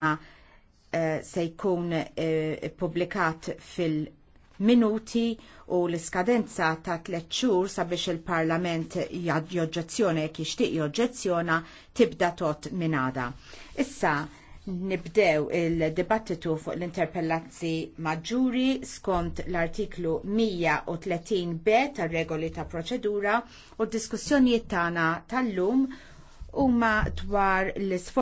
Eh, se jkun eh, publikat fil-minuti u l-iskadenza ta' tliet xhur sabiex il-Parlament joġġezzjona jekk jixtieq joġġezzjona tibda tot minada. Issa nibdew il-dibattitu fuq l-interpellazzi maġġuri skont l-artiklu 130 b tar-regoli ta' proċedura u d-diskussjonijiet tagħna tal-lum huma dwar l-isforzi